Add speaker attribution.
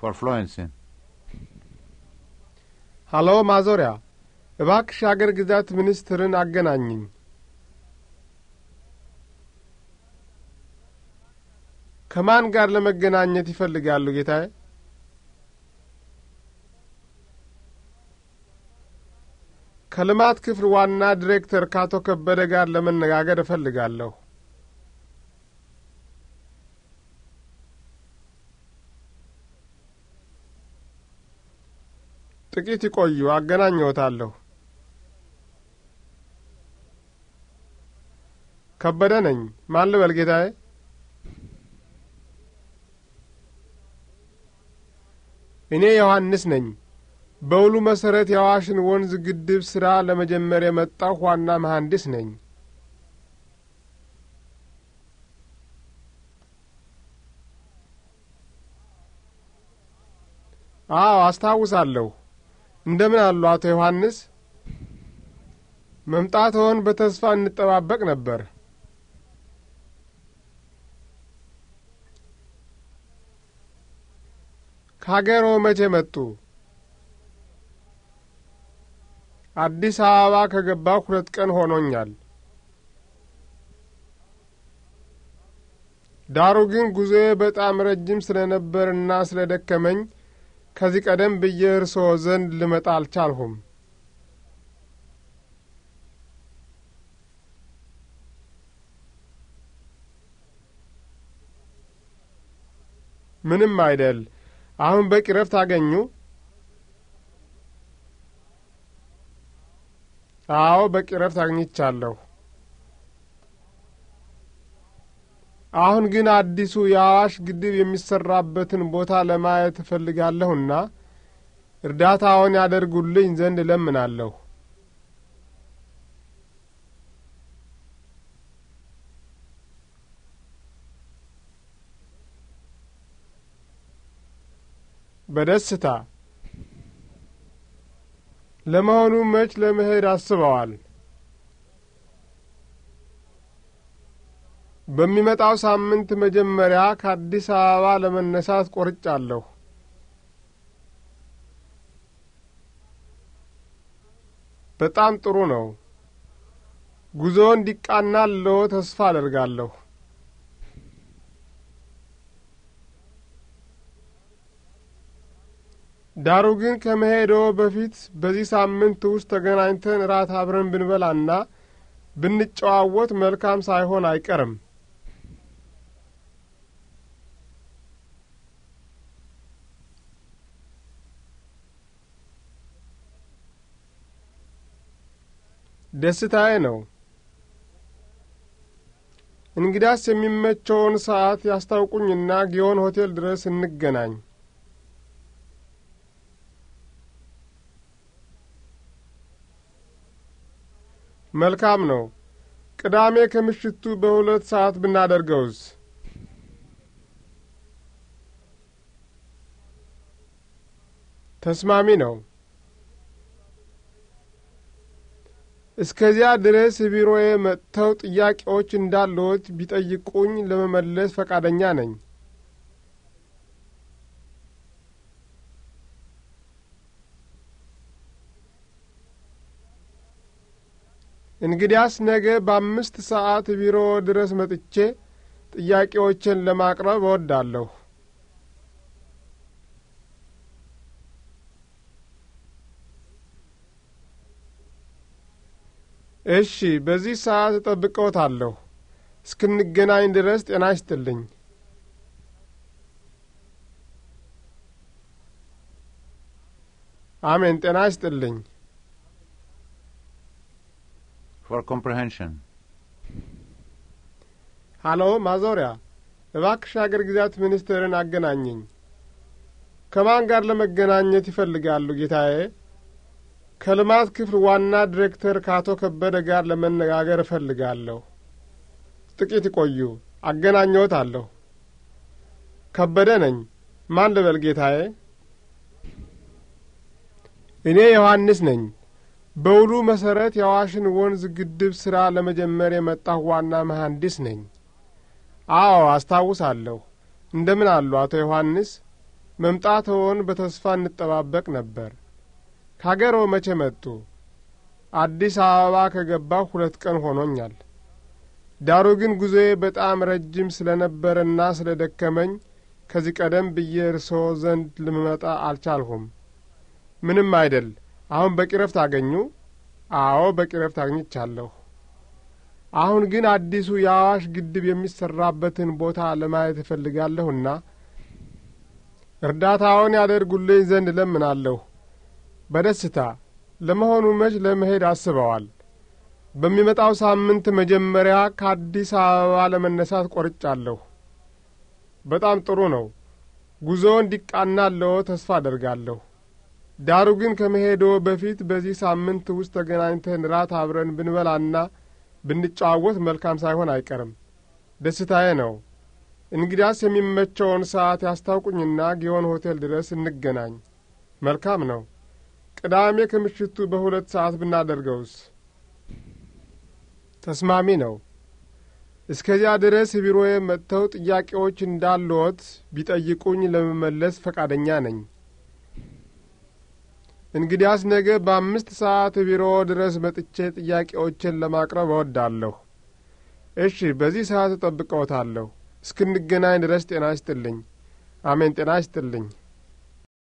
Speaker 1: for fluency. ሀሎ ማዞሪያ፣ እባክሽ አገር ግዛት ሚኒስትርን አገናኝኝ። ከማን ጋር ለመገናኘት ይፈልጋሉ ጌታዬ? ከልማት ክፍል ዋና ዲሬክተር ከአቶ ከበደ ጋር ለመነጋገር እፈልጋለሁ። ጥቂት ይቆዩ፣ አገናኘዎታለሁ። ከበደ ነኝ። ማን ልበል ጌታዬ? እኔ ዮሐንስ ነኝ። በውሉ መሠረት የአዋሽን ወንዝ ግድብ ሥራ ለመጀመር የመጣሁ ዋና መሐንዲስ ነኝ። አዎ አስታውሳለሁ። እንደምን አሉ አቶ ዮሐንስ? መምጣትዎን በተስፋ እንጠባበቅ ነበር። ከሀገሮ መቼ መጡ? አዲስ አበባ ከገባሁ ሁለት ቀን ሆኖኛል። ዳሩ ግን ጉዞዬ በጣም ረጅም ስለነበርና ስለደከመኝ ከዚህ ቀደም ብዬ እርስዎ ዘንድ ልመጣ አልቻልሁም። ምንም አይደል። አሁን በቂ ረፍት አገኙ? አዎ፣ በቂ ረፍት አግኝቻለሁ። አሁን ግን አዲሱ የአዋሽ ግድብ የሚሰራበትን ቦታ ለማየት እፈልጋለሁና እርዳታውን ያደርጉልኝ ዘንድ እለምናለሁ። በደስታ ለመሆኑ መች ለመሄድ አስበዋል? በሚመጣው ሳምንት መጀመሪያ ከአዲስ አበባ ለመነሳት ቆርጫለሁ። በጣም ጥሩ ነው። ጉዞ እንዲቃናልዎ ተስፋ አደርጋለሁ። ዳሩ ግን ከመሄዶ በፊት በዚህ ሳምንት ውስጥ ተገናኝተን እራት አብረን ብንበላና ብንጨዋወት መልካም ሳይሆን አይቀርም። ደስታዬ ነው። እንግዳስ የሚመቸውን ሰዓት ያስታውቁኝና ጊዮን ሆቴል ድረስ እንገናኝ። መልካም ነው። ቅዳሜ ከምሽቱ በሁለት ሰዓት ብናደርገውስ? ተስማሚ ነው። እስከዚያ ድረስ ቢሮዬ መጥተው ጥያቄዎች እንዳለዎት ቢጠይቁኝ ለመመለስ ፈቃደኛ ነኝ። እንግዲያስ ነገ በአምስት ሰዓት ቢሮ ድረስ መጥቼ ጥያቄዎችን ለማቅረብ እወዳለሁ። እሺ፣ በዚህ ሰዓት እጠብቀዎታለሁ። እስክንገናኝ ድረስ ጤና ይስጥልኝ። አሜን። ጤና ይስጥልኝ። ፎር ኮምፕሬንሽን ሀሎ፣ ማዞሪያ እባክሽ አገር ግዛት ሚኒስትርን አገናኘኝ። ከማን ጋር ለመገናኘት ይፈልጋሉ ጌታዬ? ከልማት ክፍል ዋና ዲሬክተር ከአቶ ከበደ ጋር ለመነጋገር እፈልጋለሁ። ጥቂት ይቆዩ፣ አገናኘዎት አለሁ። ከበደ ነኝ። ማን ልበል ጌታዬ? እኔ ዮሐንስ ነኝ። በውሉ መሠረት የአዋሽን ወንዝ ግድብ ሥራ ለመጀመር የመጣሁ ዋና መሐንዲስ ነኝ። አዎ አስታውሳለሁ። እንደምን አሉ አቶ ዮሐንስ? መምጣትዎን በተስፋ እንጠባበቅ ነበር። ካገሮ መቼ መጡ? አዲስ አበባ ከገባሁ ሁለት ቀን ሆኖኛል። ዳሩ ግን ጉዞዬ በጣም ረጅም ስለ ነበረና ስለ ደከመኝ ከዚህ ቀደም ብዬ እርስዎ ዘንድ ልመጣ አልቻልሁም። ምንም አይደል። አሁን በቂ ረፍት አገኙ? አዎ፣ በቂ ረፍት አግኝቻለሁ። አሁን ግን አዲሱ የአዋሽ ግድብ የሚሰራበትን ቦታ ለማየት እፈልጋለሁና እርዳታውን ያደርጉልኝ ዘንድ እለምናለሁ። በደስታ ለመሆኑ መች ለመሄድ አስበዋል? በሚመጣው ሳምንት መጀመሪያ ከአዲስ አበባ ለመነሳት ቆርጫለሁ። በጣም ጥሩ ነው። ጉዞ እንዲቃናለዎ ተስፋ አደርጋለሁ። ዳሩ ግን ከመሄዶ በፊት በዚህ ሳምንት ውስጥ ተገናኝተን ራት አብረን ብንበላና ብንጨዋወት መልካም ሳይሆን አይቀርም። ደስታዬ ነው። እንግዳስ የሚመቸውን ሰዓት ያስታውቁኝና ጊዮን ሆቴል ድረስ እንገናኝ። መልካም ነው። ቅዳሜ ከምሽቱ በሁለት ሰዓት ብናደርገውስ ተስማሚ ነው። እስከዚያ ድረስ ቢሮዬ መጥተው ጥያቄዎች እንዳለዎት ቢጠይቁኝ ለመመለስ ፈቃደኛ ነኝ። እንግዲያስ ነገ በአምስት ሰዓት ቢሮ ድረስ መጥቼ ጥያቄዎችን ለማቅረብ እወዳለሁ። እሺ፣ በዚህ ሰዓት እጠብቀዎታለሁ። እስክንገናኝ ድረስ ጤና ይስጥልኝ። አሜን። ጤና ይስጥልኝ።